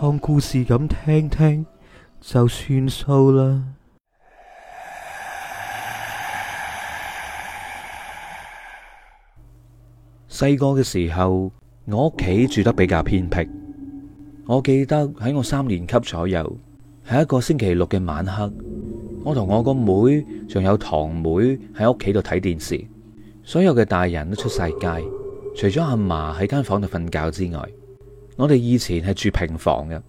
當故事咁聽聽就算數啦。細個嘅時候，我屋企住得比較偏僻。我記得喺我三年級左右，喺一個星期六嘅晚黑，我同我個妹仲有堂妹喺屋企度睇電視，所有嘅大人都出晒街，除咗阿嫲喺間房度瞓覺之外。我哋以前係住平房嘅，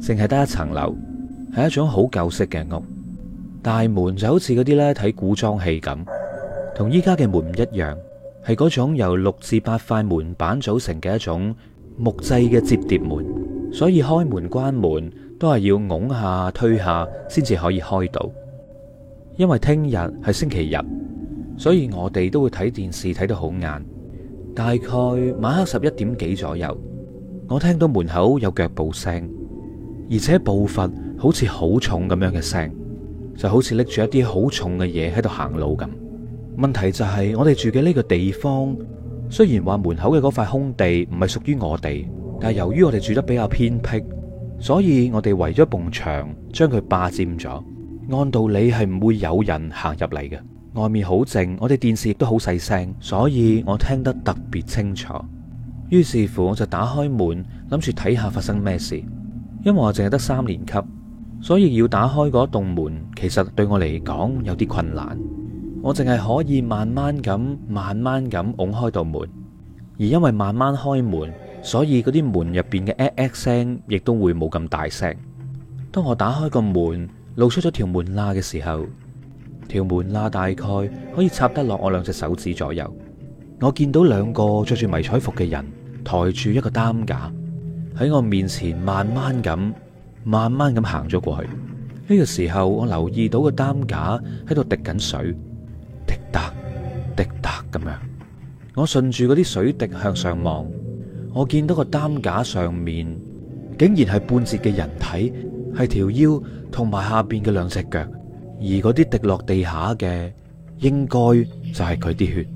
淨係得一層樓，係一種好舊式嘅屋。大門就好似嗰啲咧睇古裝戲咁，同依家嘅門唔一樣，係嗰種由六至八塊門板組成嘅一種木製嘅摺疊門，所以開門關門都係要拱下推下先至可以開到。因為聽日係星期日，所以我哋都會睇電視睇到好晏，大概晚黑十一點幾左右。我聽到門口有腳步聲，而且步伐好似好重咁樣嘅聲，就好似拎住一啲好重嘅嘢喺度行路咁。問題就係、是、我哋住嘅呢個地方，雖然話門口嘅嗰塊空地唔係屬於我哋，但係由於我哋住得比較偏僻，所以我哋圍咗一埲牆將佢霸佔咗。按道理係唔會有人行入嚟嘅，外面好靜，我哋電視亦都好細聲，所以我聽得特別清楚。於是乎，我就打開門，諗住睇下發生咩事。因為我淨係得三年級，所以要打開嗰棟門，其實對我嚟講有啲困難。我淨係可以慢慢咁、慢慢咁拱開度門，而因為慢慢開門，所以嗰啲門入邊嘅啲聲亦都會冇咁大聲。當我打開個門，露出咗條門罅嘅時候，條門罅大概可以插得落我兩隻手指左右。我見到兩個着住迷彩服嘅人，抬住一個擔架喺我面前慢慢，慢慢咁、慢慢咁行咗過去。呢、呢個時候，我留意到個擔架喺度滴緊水，滴嗒滴嗒咁樣。我順住嗰啲水滴向上望，我見到個擔架上面竟然係半截嘅人體，係條腰同埋下邊嘅兩隻腳，而嗰啲滴落地下嘅，應該就係佢啲血。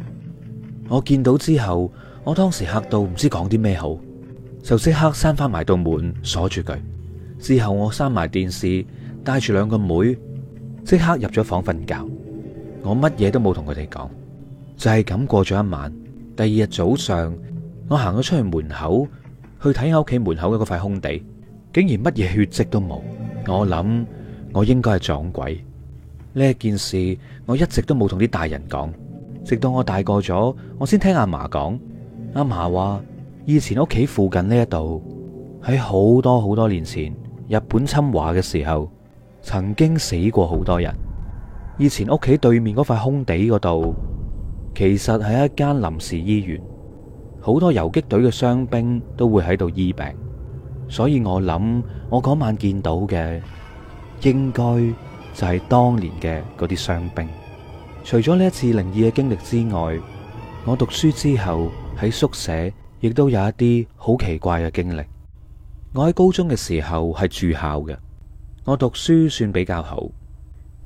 我見到之後。我當時嚇到唔知講啲咩好，就即刻閂翻埋道門鎖住佢。之後我閂埋電視，帶住兩個妹即刻入咗房瞓覺。我乜嘢都冇同佢哋講，就係咁過咗一晚。第二日早上，我行咗出去門口去睇下屋企門口嘅嗰塊空地，竟然乜嘢血跡都冇。我諗我應該係撞鬼。呢件事我一直都冇同啲大人講，直到我大個咗，我先聽阿嫲講。阿嫲話：以前屋企附近呢一度，喺好多好多年前，日本侵華嘅時候，曾經死過好多人。以前屋企對面嗰塊空地嗰度，其實係一間臨時醫院，好多游擊隊嘅傷兵都會喺度醫病。所以我諗，我嗰晚見到嘅，應該就係當年嘅嗰啲傷兵。除咗呢一次靈異嘅經歷之外，我讀書之後。喺宿舍亦都有一啲好奇怪嘅經歷。我喺高中嘅時候係住校嘅，我讀書算比較好，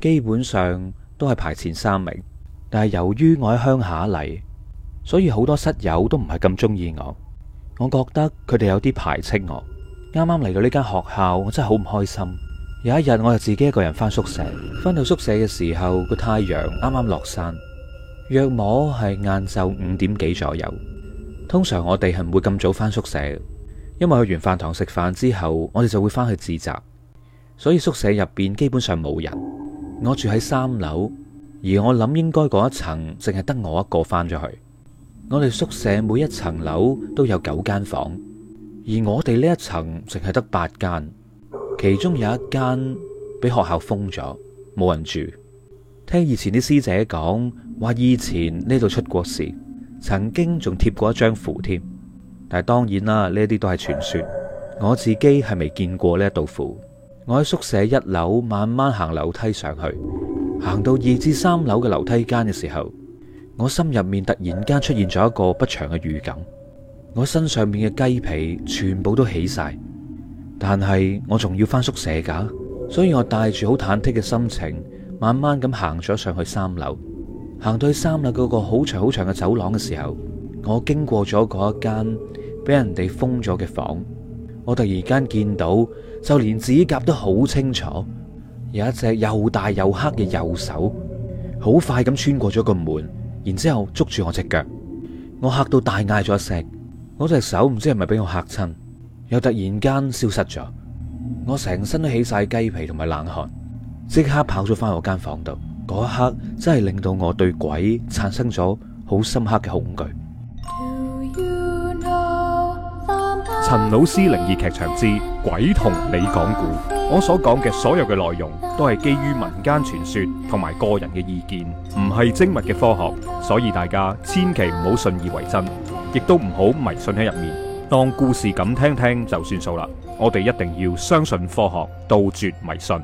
基本上都係排前三名。但係由於我喺鄉下嚟，所以好多室友都唔係咁中意我。我覺得佢哋有啲排斥我。啱啱嚟到呢間學校，我真係好唔開心。有一日，我就自己一個人返宿舍。返到宿舍嘅時候，個太陽啱啱落山，約摸係晏晝五點幾左右。通常我哋係唔會咁早翻宿舍，因為去完飯堂食飯之後，我哋就會翻去自習，所以宿舍入邊基本上冇人。我住喺三樓，而我諗應該嗰一層淨係得我一個翻咗去。我哋宿舍每一層樓都有九間房，而我哋呢一層淨係得八間，其中有一間俾學校封咗，冇人住。聽以前啲師姐講話，以前呢度出過事。曾經仲貼過一張符添，但係當然啦，呢啲都係傳說。我自己係未見過呢一道符。我喺宿舍一樓慢慢行樓梯上去，行到二至三樓嘅樓梯間嘅時候，我心入面突然間出現咗一個不祥嘅預感。我身上面嘅雞皮全部都起晒，但係我仲要翻宿舍噶，所以我帶住好忐忑嘅心情，慢慢咁行咗上去三樓。行到三樓嗰個好長好長嘅走廊嘅時候，我經過咗嗰一間俾人哋封咗嘅房，我突然間見到就連指甲都好清楚，有一隻又大又黑嘅右手，好快咁穿過咗個門，然之後捉住我隻腳，我嚇到大嗌咗一聲，嗰隻手唔知係咪俾我嚇親，又突然間消失咗，我成身都起晒雞皮同埋冷汗，即刻跑咗翻去我間房度。嗰一刻真係令到我對鬼產生咗好深刻嘅恐懼。陳老師靈異劇場之鬼同你講故，我所講嘅所有嘅內容都係基於民間傳說同埋個人嘅意見，唔係精密嘅科學，所以大家千祈唔好信以為真，亦都唔好迷信喺入面，當故事咁聽聽就算數啦。我哋一定要相信科學，杜絕迷信。